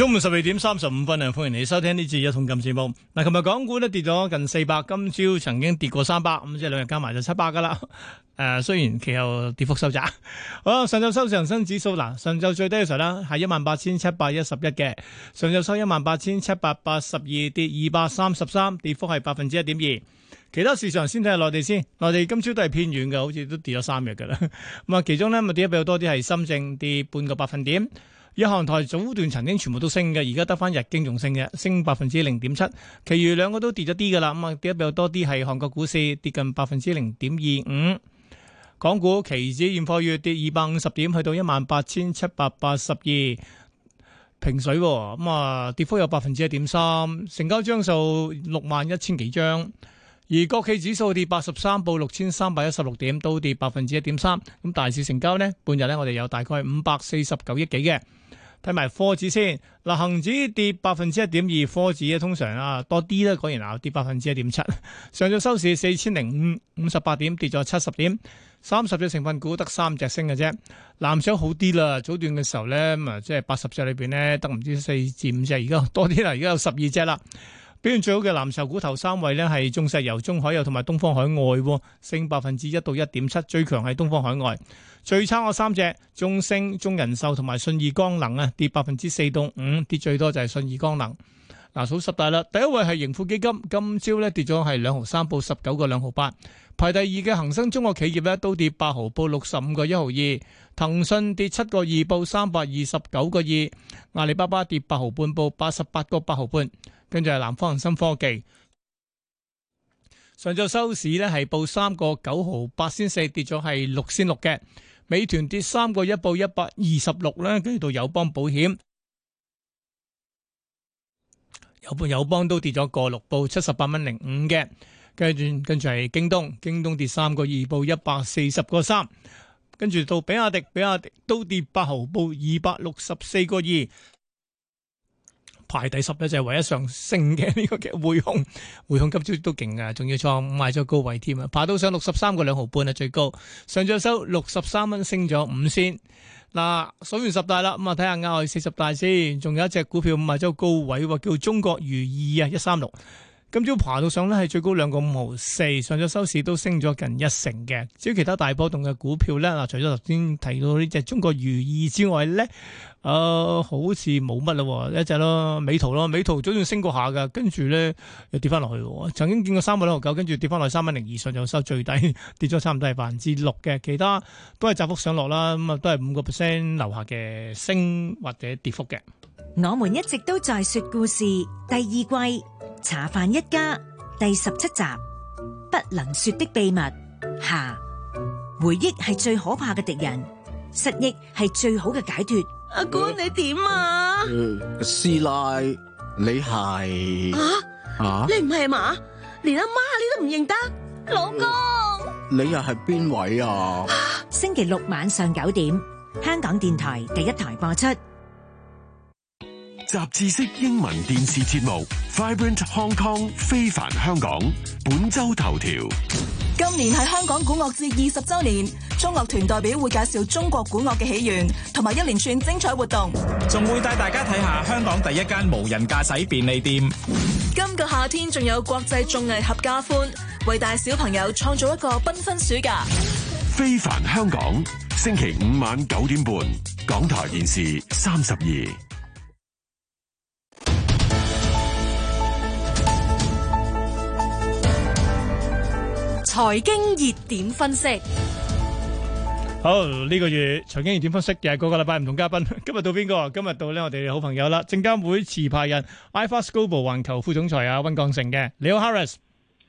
中午十二點三十五分啊，歡迎你收聽呢次一桶金節目。嗱，琴日港股都跌咗近四百，今朝曾經跌過三百，咁即係兩日加埋就七百噶啦。誒，雖然其後跌幅收窄。 好，上晝收市恒生指數啦，上晝最低嘅時候啦係一萬八千七百一十一嘅，上晝收一萬八千七百八十二，跌二百三十三，跌幅係百分之一點二。其他市場先睇下內地先，內地今朝都係偏軟嘅，好似都跌咗三日噶啦。咁啊，其中呢，咪跌得比較多啲係深證跌半個百分點。一航台早段曾經全部都升嘅，而家得翻日經仲升嘅，升百分之零點七。其餘兩個都跌咗啲噶啦，咁、嗯、啊跌得比較多啲係韓國股市跌近百分之零點二五，港股期指現貨月跌二百五十點，去到一萬八千七百八十二平水、哦。咁、嗯、啊，跌幅有百分之一點三，成交張數六萬一千幾張。而國企指數跌八十三，報六千三百一十六點，都跌百分之一點三。咁、嗯、大市成交呢，半日呢，我哋有大概五百四十九億幾嘅。睇埋科指先，嗱恒指跌百分之一點二，科指咧通常啊多啲啦，果然啊跌百分之一點七，上晝收市四千零五五十八點，跌咗七十點，三十隻成分股得三隻升嘅啫。藍籌好啲啦，早段嘅時候咧，啊即係八十隻裡邊咧得唔知四至五隻，而家多啲啦，而家有十二隻啦。表現最好嘅藍籌股頭三位呢，係中石油、中海油同埋東方海外，升百分之一到一點七，最強係東方海外。最差我三隻，中升、中人壽同埋信義光能啊，跌百分之四到五，跌最多就係信義光能。嗱，數十大啦，第一位係盈富基金，今朝咧跌咗係兩毫三，報十九個兩毫八。排第二嘅恒生中國企業咧，都跌八毫，報六十五個一毫二。騰訊跌七個二，報三百二十九個二。阿里巴巴跌八毫半，半，報八十八個八毫半。跟住係南方恒生科技，上晝收市咧係報三個九毫八仙四，4, 跌咗係六仙六嘅。美團跌三個一，報一百二十六啦。跟住到友邦保險，友友邦都跌咗個六，報七十八蚊零五嘅。跟住跟住係京東，京東跌三個二，報一百四十個三。跟住到比亞迪，比亞迪都跌八毫，報二百六十四個二。排第十一隻係唯一上升嘅呢個嘅匯控，匯控今朝都勁嘅，仲要創賣咗高位添啊！爬到上六十三個兩毫半啊，最高上咗收六十三蚊，升咗五仙。嗱，數完十大啦，咁啊睇下額外四十大先，仲有一隻股票賣咗高位喎，叫中國儒意啊，一三六。今朝爬到上呢係最高兩個五毫四，上咗收市都升咗近一成嘅。至於其他大波動嘅股票咧，嗱，除咗頭先提到呢隻中國儒意之外咧。啊、呃，好似冇乜咯，一隻咯美圖咯，美圖早算升過下嘅，跟住咧又跌翻落去。曾經見過三蚊六毫九，跟住跌翻落去三蚊零二上，就收最低， 跌咗差唔多係百分之六嘅。其他都係窄幅上落啦，咁啊都係五個 percent 樓下嘅升或者跌幅嘅。我們一直都在說故事第二季，茶飯一家，第十七集，不能說的秘密。下，回憶係最可怕嘅敵人，失憶係最好嘅解脫。阿哥你點啊？師奶你係啊啊？你唔係嘛？連阿媽你都唔認得，老公你又係邊位啊？星期六晚上九點，香港電台第一台播出，雜誌式英文電視節目《Vibrant Hong Kong》非凡香港。本周頭條。今年係香港古樂節二十周年，中樂團代表會介紹中國古樂嘅起源，同埋一連串精彩活動，仲會帶大家睇下香港第一間無人駕駛便利店。今個夏天仲有國際綜藝合家歡，為大小朋友創造一個繽紛，紛暑，暑假。非凡香港，星期五晚九點半，港台電視三十二。財經熱點分析，好呢個月財經熱點分析又係各個禮拜唔同嘉賓。今日到邊個？今日到呢我哋好朋友啦，證監會持牌人 iFAST Global 環球副總裁啊，溫鋼城嘅。你好，Harris。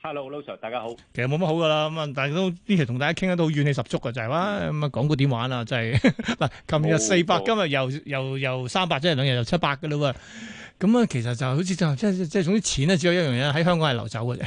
Hello，Lo Sir，大家好。其實冇乜好噶啦，咁啊，大家都呢期同大家傾得到怨氣十足噶，就係話咁啊，港股點玩啊？就係嗱，琴日四百，今日又又又三百，即係兩日又七百噶啦喎。咁啊，其實就好似就，即係即係，總之錢咧只有一樣嘢喺香港係流走嘅啫，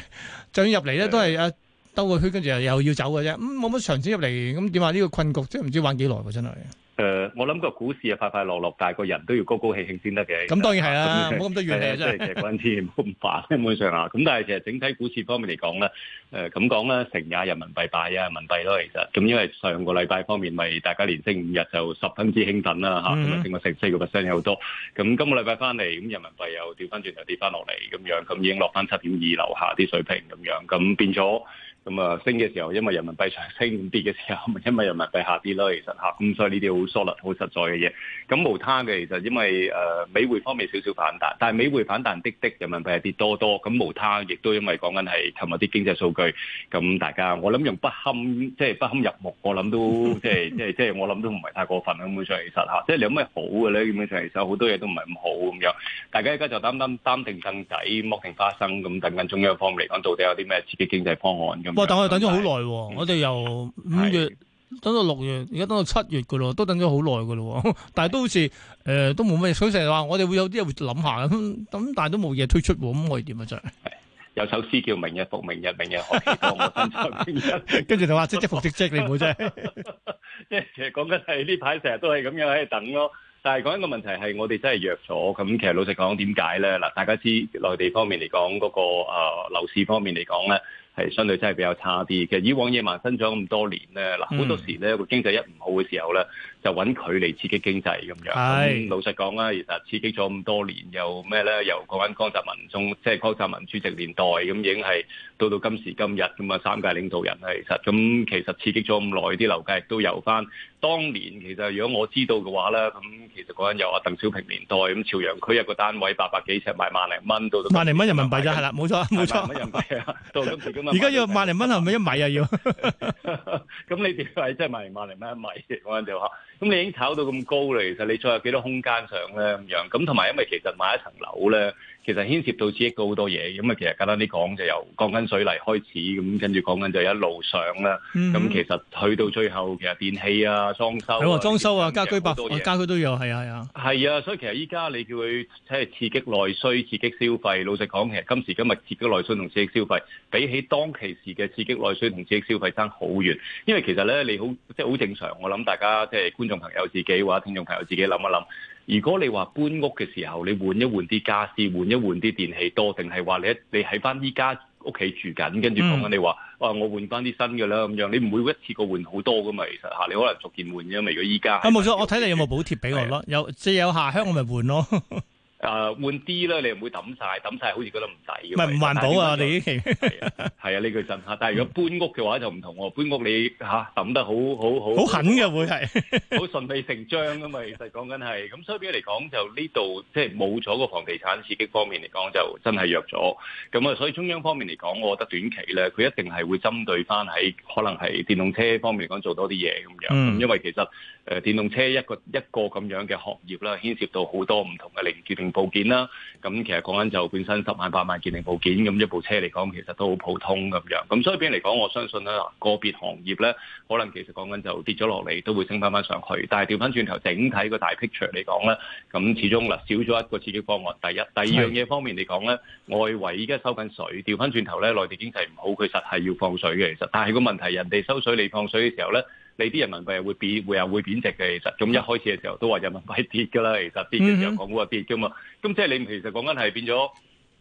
就算入嚟咧都係啊。啊啊啊啊啊啊啊兜個圈跟住又又要走嘅啫，咁冇乜長者入嚟，咁點話呢個困局即係唔知玩幾耐喎，真係。誒、呃，我諗個股市啊快快樂樂，但係個人都要高高興興先得嘅。咁當然係啊，冇咁多怨氣真係。即係石君添，冇咁煩。基本上啊，咁但係其實整體股市方面嚟講咧，誒咁講咧，成也人民幣，敗也人民幣咯。其實咁因為上個禮拜方面咪大家連升五日就十分之興奮啦嚇，咁啊升個成四個 percent 有好多。咁今個禮拜翻嚟咁人民幣又掉翻轉頭又跌翻落嚟咁樣，咁已經落翻七點二樓下啲水平咁樣，咁變咗。咁啊，升嘅時候因為人民幣上升，跌嘅時候因為人民幣下跌咯。其實嚇，咁所以呢啲好疏忽、好實在嘅嘢。咁無他嘅，其實因為誒美匯方面少少反彈，但係美匯反彈滴滴，人民幣係跌多多。咁無他，亦都因為講緊係尋日啲經濟數據。咁大家我諗用不堪，即係不堪入目。我諗都即係即係即係，我諗都唔係太過分咁樣。上其實嚇，即係你有咩好嘅咧？基本上其實好多嘢都唔係咁好咁樣。大家而家就擔擔擔定陣仔，剝定花生咁等緊中央方面嚟講到底有啲咩刺激經濟方案咁。哇！但係我哋等咗好耐喎，我哋由五月等到六月，而家等到七月㗎咯，都等咗好耐㗎咯。但係都好似誒都冇咩，所以成日話我哋會有啲嘢會諗下咁，咁但係都冇嘢推出，咁可以點啊？真係有首詩叫《明日復明日，明日何其多》，跟住就話：即即復即即，你唔好啫。即係其實講緊係呢排成日都係咁樣喺度等咯。但係講緊個問題係我哋真係弱咗咁。其實老實講，點解咧？嗱，大家知內地方面嚟講嗰個誒樓市方面嚟講咧。係相對真係比較差啲嘅，以往野蠻生長咁多年咧，嗱好、嗯、多時咧，個經濟一唔好嘅時候咧，就揾佢嚟刺激經濟咁樣。係是、嗯，老實講啦，其實刺激咗咁多年，又咩咧？由講緊江澤民眾，即係江澤民主席年代咁，已經係到到今時今日咁啊，三屆領導人啦。其實咁、嗯、其實刺激咗咁耐，啲樓價亦都有翻。當年其實如果我知道嘅話咧，咁其實嗰陣又話鄧小平年代咁，朝陽區一個單位八百幾尺賣萬零蚊到，到萬零蚊人民幣就係啦，冇錯、啊，冇錯，錯萬零蚊人民幣啊，到咁時噶嘛。而家要萬零蚊係咪一米啊要？咁、 啊、你點解真係萬零萬零蚊一米嗰陣就話，咁 你已經炒到咁高啦。其實你再有幾多空間上咧咁樣，咁同埋因為其實買一層樓咧。其實牽涉到刺激到好多嘢，咁啊，其實簡單啲講就由降緊水泥開始，咁跟住講緊就一路上啦。咁、嗯、哼其實去到最後，其實電器啊、裝修、啊，裝修啊，啊、家居百家居都有，係啊係啊。係啊，啊，所以其實依家你叫佢即係刺激內需、刺激消費，老實講，其實今時今日刺激內需同刺激消費，比起當其時嘅刺激內需同刺激消費爭好遠，因為其實咧，你好即係好正常。我諗大家即係、就是、觀眾朋友自己或者聽眾朋友自己諗一諗。如果你話搬屋嘅時候，你換一換啲家私，換一換啲電器多，定係話你你喺翻依家屋企住緊，跟住講緊你話，啊我換翻啲新嘅啦咁樣，你唔會一次過換好多噶嘛。其實吓，你可能逐漸換咗未？如果依家，啊冇錯，我睇你有冇補貼俾我咯，有即係有下鄉我咪換咯。誒換啲啦，你唔會抌曬，抌曬好似覺得唔抵。唔係唔環保啊？我哋係啊？呢句真嚇。但係如果搬屋嘅話就唔同喎，搬屋你嚇抌得好好好。好狠嘅會係，好順理成章啊嘛！其實講緊係咁，所以嚟講就呢度即係冇咗個房地產刺激方面嚟講就真係弱咗。咁啊，所以中央方面嚟講，我覺得短期咧佢一定係會針對翻喺可能係電動車方面嚟講做多啲嘢咁樣，因為其實。誒、呃、電動車一個一個咁樣嘅行業啦，牽涉到好多唔同嘅零組件部件啦。咁、嗯、其實講緊就本身十萬、八萬件零部件咁、嗯、一部車嚟講，其實都好普通咁樣。咁所以邊嚟講，我相信咧個別行業咧，可能其實講緊就跌咗落嚟，都會升翻翻上去。但係調翻轉頭，整體個大 picture 嚟講咧，咁始終嗱少咗一個刺激方案。第一、第二樣嘢方面嚟講咧，是外圍依家收緊水，調翻轉頭咧，內地經濟唔好，佢實係要放水嘅。其實，但係個問題，人哋收水，你放水嘅時候咧。你啲人民幣係會貶會啊會貶值嘅。其實，咁一開始嘅時候都話人民幣跌㗎啦。其實，跌嘅時候港股啊，跌㗎嘛。咁、mm hmm. 即係你其實講緊係變咗。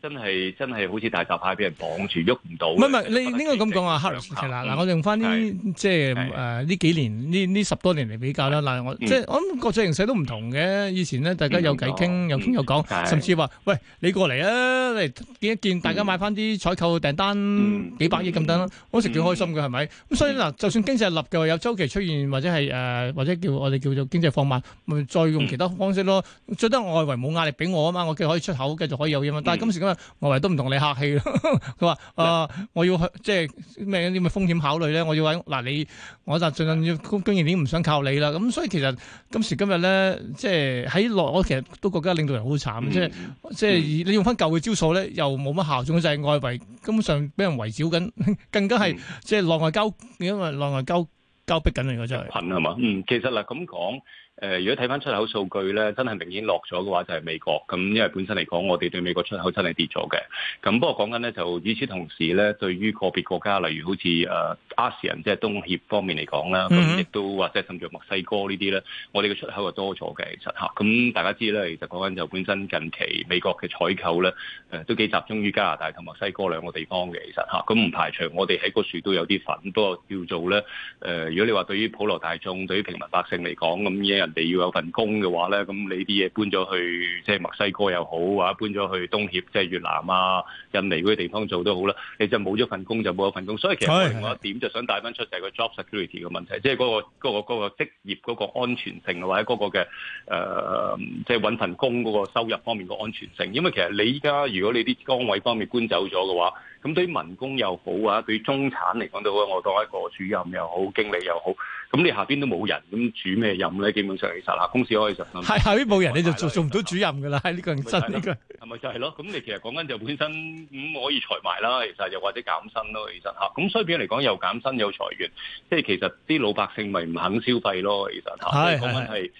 真係真係好似大閘蟹，俾人綁住喐唔到。唔係唔係，你應該咁講啊，Harry。嗱嗱，我哋用翻呢即係誒呢幾年呢呢十多年嚟比較啦。嗱，我即係我諗國際形勢都唔同嘅。以前咧，大家有偈傾，有傾有講，甚至話：喂，你過嚟啊，你見一見，大家買翻啲採購訂單幾百億咁等，我食時幾開心嘅係咪？咁所以嗱，就算經濟立嘅話，有周期出現或者係誒或者叫我哋叫做經濟放慢，咪再用其他方式咯。最多外圍冇壓力俾我啊嘛，我嘅可以出口，繼續可以有嘢嘛。但係今時今日。外圍都唔同你客氣咯， 佢話啊，我要去即係咩啲咁嘅風險考慮咧，我要揾嗱、啊、你，我就最量盡量要經營點唔想靠你啦。咁、嗯、所以其實今時今日咧，即係喺內，我其實都覺得領導人好慘、嗯，即係即係你用翻舊嘅招數咧，又冇乜效，仲就係外圍根本上俾人圍剿緊，更加係即係內外交因為內外交交逼緊嚟嘅真係。係嘛？嗯，其實嗱咁講。誒，如果睇返出口數據咧，真係明顯落咗嘅話，就係、是、美國。咁因為本身嚟講，我哋對美國出口真係跌咗嘅。咁不過講緊咧，就與此同時咧，對於個別國家，例如好似誒 ASEAN 即係東協方面嚟講啦，咁亦、mm hmm. 都或者甚至墨西哥呢啲咧，我哋嘅出口係多咗嘅。其實嚇，咁、啊、大家知咧，其實講緊就本身近期美國嘅採購咧，誒都幾集中於加拿大同墨西哥兩個地方嘅。其實嚇，咁、啊、唔排除我哋喺個樹都有啲份，不過叫做咧誒、呃，如果你話對於普羅大眾、對於平民百姓嚟講，咁嘢人。你要有份工嘅話咧，咁你啲嘢搬咗去即係墨西哥又好啊，或者搬咗去東協即係越南啊、印尼嗰啲地方做都好啦，你就冇咗份工就冇咗份工，所以其實另外一點就想帶翻出就係個 job security 嘅問題，即係嗰個嗰個嗰個職業嗰個安全性，或者嗰個嘅誒、呃、即係揾份工嗰個收入方面個安全性，因為其實你依家如果你啲崗位方面搬走咗嘅話，咁對於民工又好啊，對中產嚟講到，我當一個主任又好，經理又好，咁你下邊都冇人，咁主咩任咧？基本上其實啊，公司可以實。係下邊冇人，你就做做唔到主任噶啦，呢個真呢個。係咪就係咯？咁你其實講緊就本身咁可以裁埋啦，其實又或者減薪咯，其實嚇。咁所以變嚟講，又減薪又裁員，即係其實啲老百姓咪唔肯消費咯，其實嚇。係係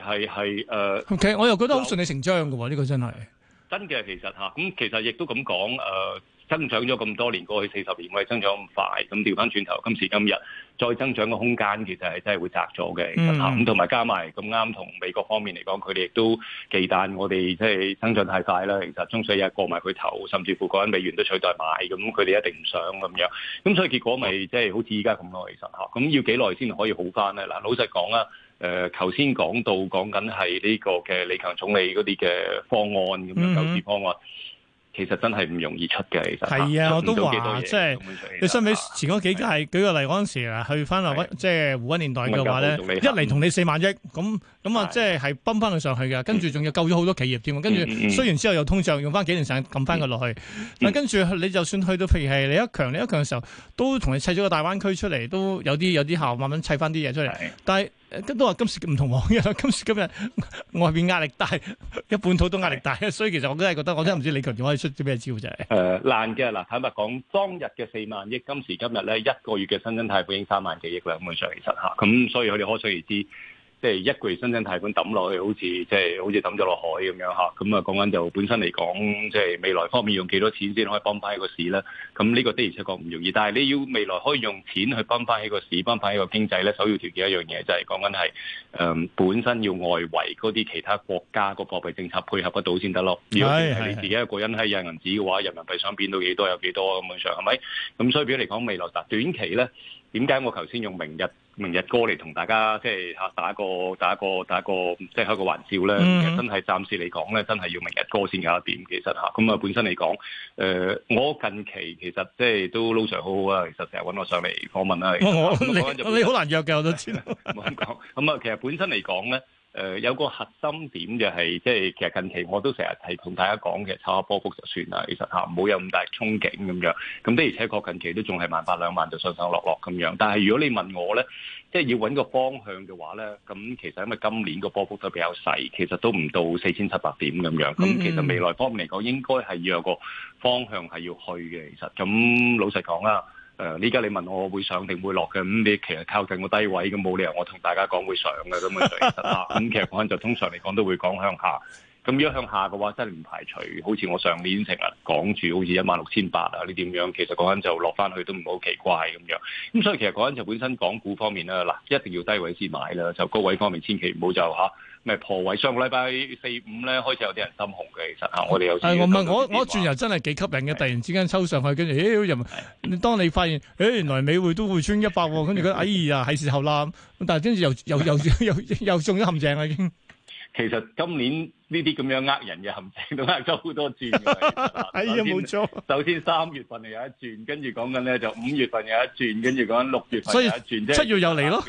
係係誒。OK，我又覺得好順理成章嘅喎，呢個真係。真嘅，其實嚇咁，其實亦都咁講誒。增長咗咁多年，過去四十年，我哋增長咁快，咁掉返轉頭，今時今日再增長嘅空間，其實係真係會窄咗嘅。咁同埋加埋咁啱，同美國方面嚟講，佢哋亦都忌憚我哋即係增長太快啦。其實中水日過埋佢頭，甚至乎嗰人美元都取代買，咁佢哋一定唔想咁樣。咁所以結果咪即係好似依家咁咯，其實嚇。咁要幾耐先可以好翻咧？嗱，老實講啦，誒、呃，頭先講到講緊係呢個嘅李強總理嗰啲嘅方案咁樣救市方案。其實真係唔容易出嘅，其實係啊，我都話即係，你相比前嗰幾屆舉個例，嗰陣時啊，去翻落即係胡溫年代嘅話咧，一嚟同你四萬億，咁咁啊，即係係崩翻佢上去嘅，跟住仲要救咗好多企業添，跟住雖然之後又通脹，用翻幾年時間撳翻佢落去，但跟住你就算去到，譬如係李克強、李克強嘅時候，都同你砌咗個大灣區出嚟，都有啲有啲效，慢慢砌翻啲嘢出嚟，但係。都都話今時唔同往日，今時今日外邊壓力大，一本土都壓力大， 所以其實我都係覺得，我真係唔知你究竟可以出啲咩招就係誒難嘅嗱。坦白講當日嘅四萬億，今時今日咧一個月嘅新增貸款已經三萬幾億啦，咁嘅上其實吓，咁所以我哋可想而知。即係一個月新增貸款抌落去，好似即係好似抌咗落海咁樣嚇。咁，啊講緊就本身嚟講，即係未來方面用幾多錢先可以幫翻一個市咧？咁呢個的而且確唔容易。但係你要未來可以用錢去幫翻起個市、幫翻起個經濟咧，首要條件一樣嘢就係講緊係誒本身要外圍嗰啲其他國家個貨幣政策配合得到先得咯。如果你自己一個人喺印銀紙嘅話，人民幣想變到幾多有幾多咁樣上係咪？咁所以嚟講未來嗱短期咧。點解我頭先用明日明日歌嚟同大家即係吓打個打個打個即係開個玩笑咧、嗯嗯？其實真係暫時嚟講咧，真係要明日歌先搞掂。其實吓，咁啊、嗯，本身嚟講，誒、呃、我近期其實即係都撈上好好啊。其實成日揾我上嚟訪問啦。你好身難約㗎，我都知，唔好咁講。咁啊，其實本身嚟講咧。誒有個核心點就係，即係其實近期我都成日係同大家講，其實炒下波幅就算啦。其實唔好有咁大憧憬咁樣。咁的而且確近期都仲係萬八兩萬就上上落落咁樣。但係如果你問我咧，即係要揾個方向嘅話咧，咁其實因為今年個波幅都比較細，其實都唔到四千七百點咁樣。咁其實未來方面嚟講，應該係要有個方向係要去嘅。其實咁老實講啦。誒，依家、呃、你問我會上定會落嘅，咁、嗯、你其實靠近個低位咁，冇理由我同大家講會上嘅咁啊，咁、嗯、 其實嗰陣就通常嚟講都會講向下，咁、嗯、如果向下嘅話，真係唔排除，好似我上年成日講住好似一萬六千八啊，你點樣？其實嗰陣就落翻去都唔好奇怪咁樣，咁、嗯、所以其實嗰陣就本身港股方面啦，嗱一定要低位先買啦，就高位方面千祈唔好就嚇。啊。咪破位上個禮拜四五咧，開始有啲人心紅嘅，其實嚇我哋有。係唔係？我我，我，我轉又真係幾吸引嘅，的突然之間抽上去，跟住咦又。你、哎、的當你發現，誒、哎、原來美匯都會穿一百喎，跟住覺得哎呀係時候啦，咁但係跟住又又 又又又，又中咗陷阱啦已經。 其實今年。呢啲咁樣呃人嘅陷阱都呃咗好多轉，哎呀，冇錯。首先三月份又有一轉，跟住講緊咧就五月份有一轉，跟住講緊六月份有一轉啫，七月又嚟咯，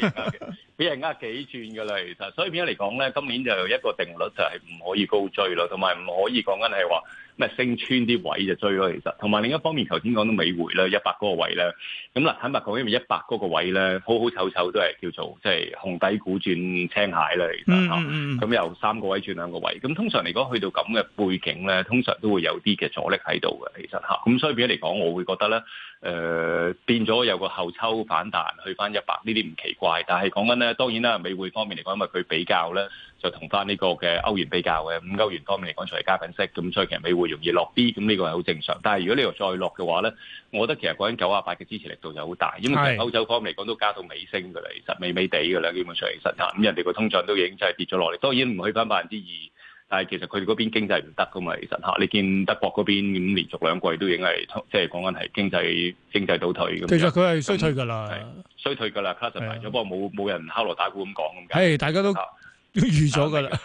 俾人呃幾轉噶啦。其實，所以變咗嚟講咧，今年就一個定律就係唔可以高追咯，同埋唔可以講緊係話咩升穿啲位就追咯。其實，同埋另一方面，頭先講到美匯咧，一百嗰個位咧，咁啦，坦白講，因為一百嗰個位咧，好好丑醜都係叫做即係紅底股轉青蟹啦。其實嚇，咁由三個位轉兩個位咁。咁通常嚟講，去到咁嘅背景咧，通常都會有啲嘅阻力喺度嘅。其實嚇，咁所以比咗嚟講，我會覺得咧，誒、呃、變咗有個後抽反彈，去翻一百呢啲唔奇怪。但係講緊咧，當然啦，美匯方面嚟講，因為佢比較咧就同翻呢個嘅歐元比較嘅，咁歐元方面嚟講，除係加緊息，咁所以其實美匯容易落啲，咁、這、呢個係好正常。但係如果呢度再落嘅話咧，我覺得其實講緊九啊八嘅支持力度就好大，因為其實歐洲方面嚟講都加到尾聲噶啦，其實尾尾地噶啦，基本上其實嚇咁人哋個通脹都已經真係跌咗落嚟。當然唔去翻百分之二。但係其實佢哋嗰邊經濟唔得噶嘛，其實嚇，你見德國嗰邊咁連續兩季都已經係即係講緊係經濟經濟倒退咁。其實佢係衰退㗎啦，樣衰退㗎啦。cut 埋咗咁不過冇冇人敲鑼打鼓咁講咁解。誒的，樣大家都預咗㗎啦，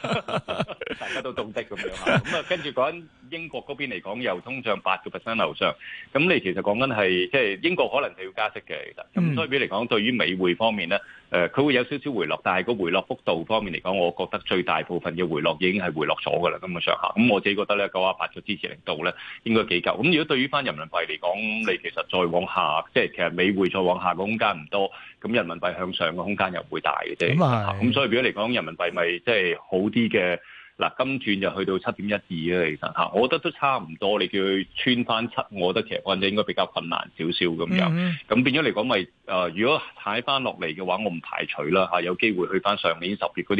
大家都懂得咁 樣啊。咁啊，跟住講。英國嗰邊嚟講又通脹八個 percent 樓上，咁你其實講緊係即係英國可能係要加息嘅，其實咁所以嚟講對於美匯方面咧，誒、呃、佢會有少少回落，但係個回落幅度方面嚟講，我覺得最大部分嘅回落已經係回落咗噶啦，今日上下，咁我自己覺得咧九啊八個支持力度咧應該幾夠，咁如果對於返人民幣嚟講，你其實再往下，即係其實美匯再往下嘅空間唔多，咁人民幣向上嘅空間又會大嘅啫，咁、就是、啊，咁所以嚟講人民幣咪即係好啲嘅。嗱，今轉就去到七點一二啦，其實嚇，我覺得都差唔多，你叫佢穿翻七，我覺得其實或者應該比較困難少少咁樣。咁變咗嚟講，咪、呃、誒，如果踩翻落嚟嘅話，我唔排除啦嚇、啊，有機會去翻上年十月嗰啲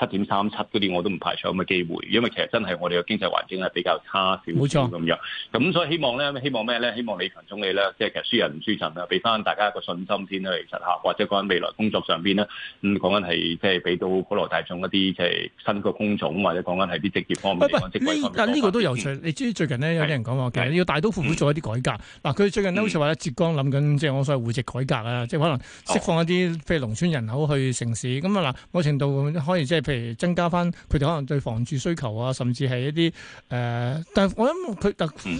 七點三七嗰啲，我都唔排除有咁嘅機會，因為其實真係我哋嘅經濟環境係比較差少少咁樣。咁所以希望咧，希望咩咧？希望李強總理咧，即、就、係、是、其實輸人唔輸陣啦，俾翻大家一個信心先啦，其實嚇，或者講緊未來工作上邊咧，咁、嗯、講緊係即係俾到普羅大眾一啲即係新嘅工種或者講緊係啲職業方面，但呢個都有趣。你知最近咧有啲人講話，其實要大刀闊斧做一啲改革。嗱，佢最近咧好似話浙江諗緊，即係我所謂戶籍改革啊，即係可能釋放一啲譬如農村人口去城市。咁啊嗱，某程度可以即係譬如增加翻佢哋可能對房住需求啊，甚至係一啲誒。但係我諗佢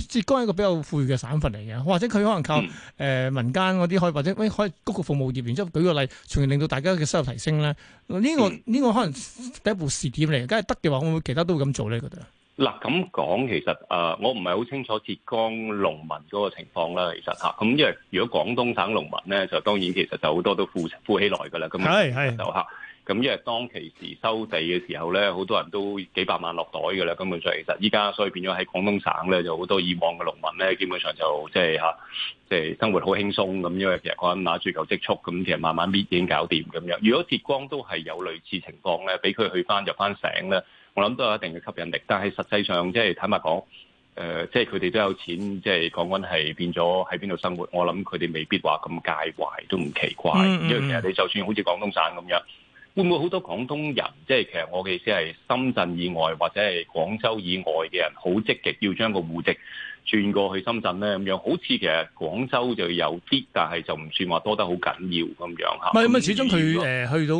浙江係一個比較富裕嘅省份嚟嘅，或者佢可能靠誒民間嗰啲，可以或者可以谷高級服務業。然之後舉個例，從而令到大家嘅收入提升咧。呢個呢個可能第一步試點嚟，梗係得嘅話。會唔會其他都咁做咧？覺得嗱咁講，其實誒、呃，我唔係好清楚浙江農民嗰個情況啦。其實嚇咁、啊，因為如果廣東省農民咧，就當然其實就好多都富富起來噶啦。咁係係就嚇、是、咁、啊，因為當其時收地嘅時候咧，好多人都幾百萬落袋噶啦。根本上其實依家所以變咗喺廣東省咧，就好多以往嘅農民咧，基本上就即係嚇即係生活好輕鬆咁、嗯。因為其實講緊拿住舊積蓄咁、嗯，其實慢慢搣已經搞掂咁樣。如果浙江都係有類似情況咧，俾佢去翻入翻醒咧。我諗都有一定嘅吸引力，但係實際上即係坦白講，誒、呃，即係佢哋都有錢，即係講緊係變咗喺邊度生活。我諗佢哋未必話咁介懷，都唔奇怪。Mm hmm. 因為其實你就算好似廣東省咁樣，會唔會好多廣東人，即係其實我嘅意思係深圳以外或者係廣州以外嘅人，好積極要將個戶籍？轉過去深圳咧咁樣，好似其實廣州就有啲，但係就唔算話多得好緊要咁樣嚇。唔係唔係，始終佢誒、嗯、去到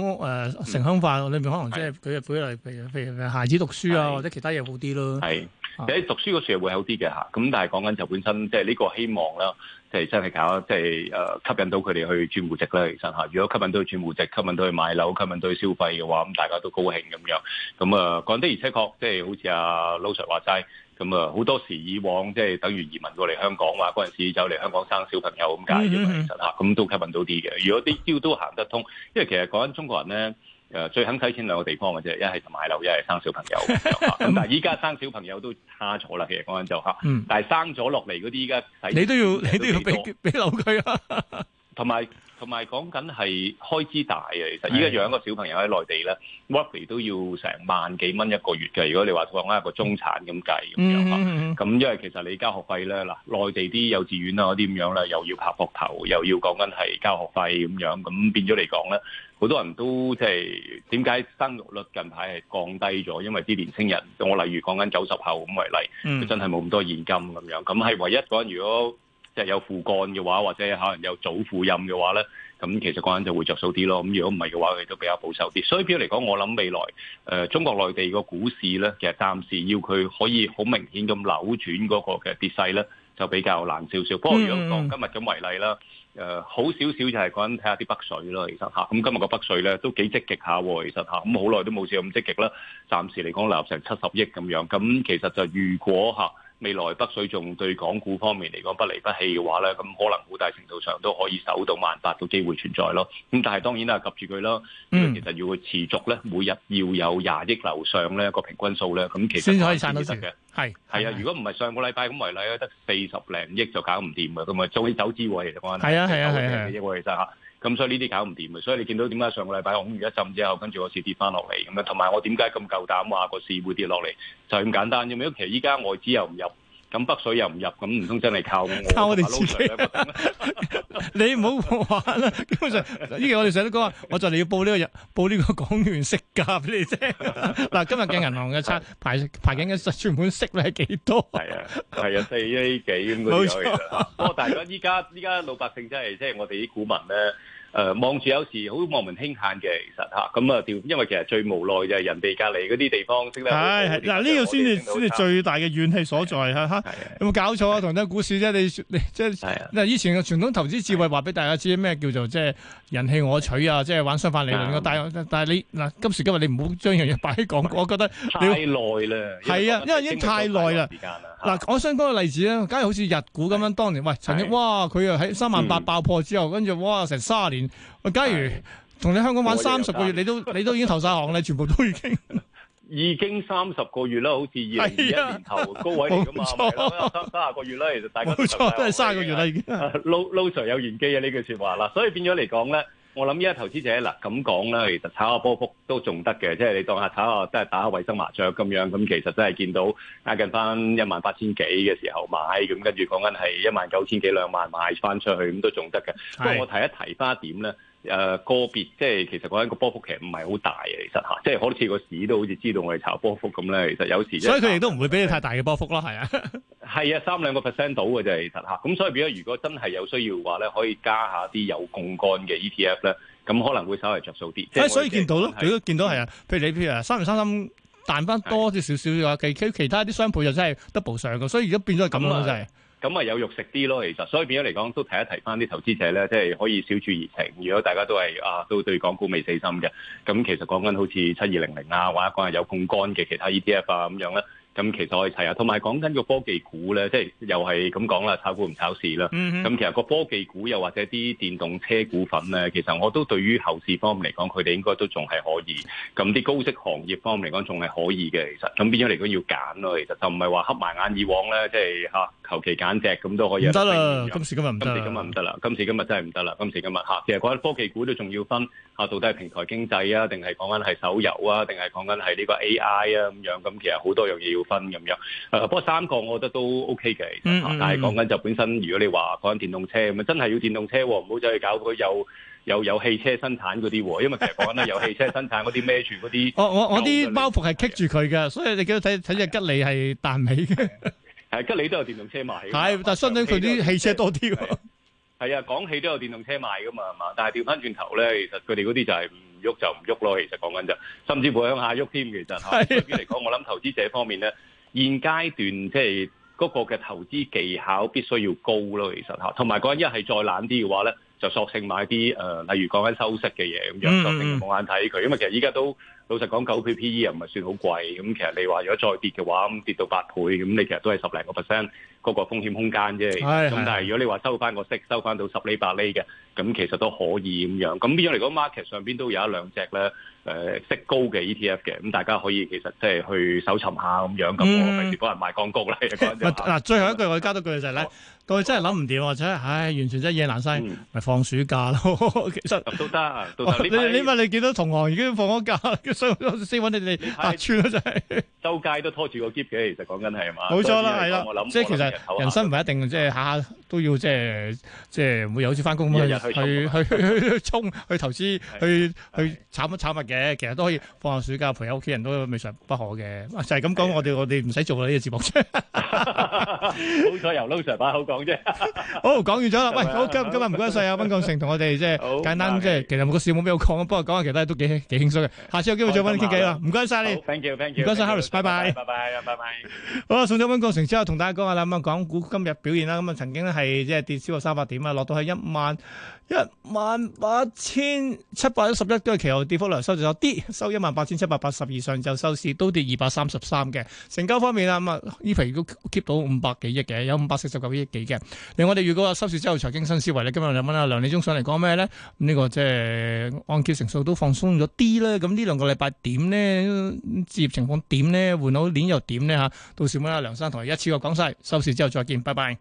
誒城鄉化裏面，可能即係佢嘅比例，譬是如譬如孩子讀書啊，是或者其他嘢好啲咯。係喺、啊、讀書嗰時會好啲嘅嚇。咁但係講緊就本身即係呢個希望啦，即、就、係、是、真係搞即係誒吸引到佢哋去轉戶籍啦，其實嚇。如果吸引到轉戶籍，吸引到去買樓，吸引到去消費嘅話，咁大家都高興咁樣。咁啊講得而且確，即、就、係、是、好似阿 Louis 話齋。咁啊，好多時以往即係等於移民過嚟香港話，嗰陣時走嚟香港生小朋友咁解啫。其實嚇，咁都吸引到啲嘅。如果啲招都行得通，因為其實講緊中國人咧，誒最肯使錢兩個地方嘅啫，一係買樓，一係生小朋友。咁 但係依家生小朋友都差咗啦，其實講緊就嚇。嗯。但係生咗落嚟嗰啲依家，你都要你都要俾俾樓佢啊，同埋。同埋講緊係開支大嘅。其實依家養一個小朋友喺內地咧，work 嚟都要成萬幾蚊一個月嘅。如果你話放喺一個中產咁計咁樣啊，咁 因為其實你交學費咧，嗱內地啲幼稚園啊啲咁樣咧，又要拍膊頭，又要講緊係交學費咁樣，咁變咗嚟講咧，好多人都即係點解生育率近排係降低咗？因為啲年青人，我例如講緊九十後咁為例，佢 真係冇咁多現金咁樣，咁係唯一個人如果。即係有副幹嘅話，或者可能有早副音嘅話咧，咁其實嗰陣就會着數啲咯。咁如果唔係嘅話，佢都比較保守啲。所以比較嚟講，我諗未來誒、呃、中國內地個股市咧，其實暫時要佢可以好明顯咁扭轉嗰個嘅跌勢咧，就比較難少少。不過如果當今日咁為例啦，誒、呃、好少少就係講緊睇下啲北水咯，其實嚇。咁、啊嗯、今日個北水咧都幾積極下喎、啊，其實嚇。咁好耐都冇試咁積極啦。暫時嚟講流入成七十億咁樣，咁、啊、其實就如果嚇。未來北水仲對港股方面嚟講不離不棄嘅話咧，咁可能好大程度上都可以守到萬八個機會存在咯。咁但係當然啦，及住佢咯。因為其實要持續咧，每日要有廿億流上咧個平均數咧，咁其實先可以撐到住嘅。係係啊，如果唔係上個禮拜咁為例啊，得四十零億就搞唔掂嘅，咁啊早已走資喎。其實講係啊係啊係啊。咁所以呢啲搞唔掂嘅，所以你見到點解上個禮拜紅如一浸之後，跟住個市跌翻落嚟咁樣，同埋我點解咁夠膽話個市會跌落嚟就咁簡單啫？因為其實依家外資又唔入，咁北水又唔入，咁唔通真係靠我？靠我哋滷水？你唔好話啦，基本上呢期我哋成日都講，我就嚟要報呢個入報呢個港元息價俾你聽。嗱，今日嘅銀行嘅差排排緊嘅存款息率係幾多？係啊，係啊，四 A 幾咁嗰啲咯。不過大家依家依家老百姓真係即係我哋啲股民咧。誒，望住有時好望門興嘆嘅，其實吓，咁啊因為其實最無奈就係人哋隔籬嗰啲地方係嗱，呢個先至先至最大嘅怨氣所在吓吓。有冇搞錯啊？唐生，股市啫，你你即係嗱，以前嘅傳統投資智慧話俾大家知咩叫做即係人棄我取啊，即係玩相反理論嘅。但係但係你嗱，今時今日你唔好將樣嘢擺喺講，我覺得你太耐啦。係啊，因為已經太耐啦。嗱，我想講個例子咧，假如好似日股咁樣，當年喂，曾經哇，佢又喺三萬八爆破之後，跟住哇，成三十年。喂，假如同你香港玩三十個月，你都你都已經投晒行咧，全部都已經 已經三十個月啦，好似二零二一年投高位嚟噶嘛，三三、哎、呀錯個月啦，其實大家錯都係三十個月啦，已經。 Low low Sir 有玄機啊！呢句説話啦，所以變咗嚟講咧。我諗依家投資者嗱咁講啦，其實炒下波幅都仲得嘅，即係你當下炒下即係打下衞生麻雀咁樣，咁其實都係見到挨近翻一萬八千幾嘅時候買，咁跟住講緊係一萬九千幾兩萬買翻出去，咁都仲得嘅。不過我提一提花點咧。誒個別即係其實嗰一個波幅其實唔係好大嘅，其實吓，即係好似個市都好似知道我哋查波幅咁咧。其實有時，所以佢哋都唔會俾你太大嘅波幅咯。係啊，係啊，三兩個 percent 到嘅就係其實吓，咁所以變咗，如果真係有需要嘅話咧，可以加下啲有槓桿嘅 ETF 咧，咁可能會稍微着數啲。所以見到咯，佢都見到係啊。譬如你譬如啊，三零三三彈翻多啲少少嘅話，其其他啲雙倍就真係 double 上嘅，所以而家變咗咁樣真係。咁咪有肉食啲咯，其實，所以變咗嚟講，都提一提翻啲投資者咧，即係可以小注怡情。如果大家都係啊，都對港股未死心嘅，咁其實講緊好似七二零零啊，或者講係有槓桿嘅其他 ETF 啊咁樣咧。 咁其實我可以睇下，同埋講緊個科技股咧，即係又係咁講啦，炒股唔炒市啦。咁其實個科技股又或者啲電動車股份咧，其實我都對於後市方面嚟講，佢哋應該都仲係可以。咁啲高息行業方面嚟講，仲係可以嘅。其實咁變咗嚟講，要揀咯。其實就唔係話黑埋眼以往咧，即係嚇求其揀隻咁都可以。唔得啦！今時今日唔得，今時今日唔得啦！今時今日真係唔得啦！今時今日嚇，其實講緊科技股都仲要分嚇，到底係平台經濟啊，定係講緊係手遊啊，定係講緊係呢個 AI 啊咁樣。咁其實好多樣嘢要。分咁樣，不過三個我覺得都 OK 嘅， 嗯嗯嗯、但係講緊就本身如果你話講緊電動車咁樣，真係要電動車，唔好走去搞佢有有有汽車生產嗰啲，因為其實講緊有汽車生產嗰啲孭住嗰啲。我我我啲包袱係棘住佢嘅，的所以你見到睇睇隻吉利係彈起嘅，係吉利都有電動車賣，係但係相對佢啲汽車多啲 係啊，講起都有電動車賣噶嘛，係嘛？但係調返轉頭咧，其實佢哋嗰啲就係唔喐就唔喐咯。其實講緊就，甚至乎向下喐添。其實嚇，總嚟講，我諗投資者方面咧，現階段即係嗰個嘅投資技巧必須要高咯。其實嚇，同埋講緊一係再懶啲嘅話咧，就索性買啲誒、呃，例如講緊收息嘅嘢咁樣，索性冇眼睇佢。因為其實依家都老實講，九倍 P E 又唔係算好貴。咁其實你話如果再跌嘅話，咁跌到八倍，咁你其實都係十零個 percent。個個風險空間啫，咁但係如果你話收翻個息，收翻到十釐八釐嘅，咁其實都可以咁樣。咁邊種嚟講，market 上邊都有一兩隻咧，誒息高嘅 ETF 嘅，咁大家可以其實即係去搜尋下咁樣咁。嗯，我咪幫人賣廣告啦。嗱，最後一句我加多句就係咧，到你真係諗唔掂或者，唉，完全真係夜難睡，咪放暑假咯。其實都得，你你見到同行已經放咗假，所以先揾你哋壓住咯就係。周街都拖住個喼嘅，其實講緊係嘛？冇錯啦，係啦，即係其實。人生唔係一定即係下下都要即係即係，會有好似翻工咁去去去去衝去，去，去投資去去，去炒乜炒物嘅。其實都可以放下暑假陪屋企人都未嘗不可嘅。就係咁講，我哋我哋唔使做呢個節目啫。 好彩由碌 r 把口講啫，好講完咗啦。喂，好今今日唔該晒阿温鋼城同我哋即係簡單即係，其實個事冇咩好講，不過講下其他都幾幾輕鬆嘅。下次有機會再搵你傾偈啦。唔該晒你，thank you，thank you，唔該晒，Harris，拜拜，拜拜，拜拜。好，送咗温鋼城之後，同大家講下啦。咁啊，港股今日表現啦，咁啊，曾經咧係即係跌超過三百點啊，落到去一萬。一萬八千七百一十一都係期後跌幅量收咗啲，收一萬八千七百八十二，上晝收市都跌二百三十三嘅。成交方面啊，咁啊、嗯，依期都 keep 到五百幾億嘅，有五百四十九億幾嘅。另外我哋預嗰個收市之後財經新思維咧，今日兩蚊啦。梁利宗上嚟講咩咧？呢個即係按揭成數都放鬆咗啲啦。咁呢兩個禮拜點咧？置業情況點咧？換樓鏈又點咧？吓到時阿梁生同佢一次過講晒，收市之後再見，拜拜。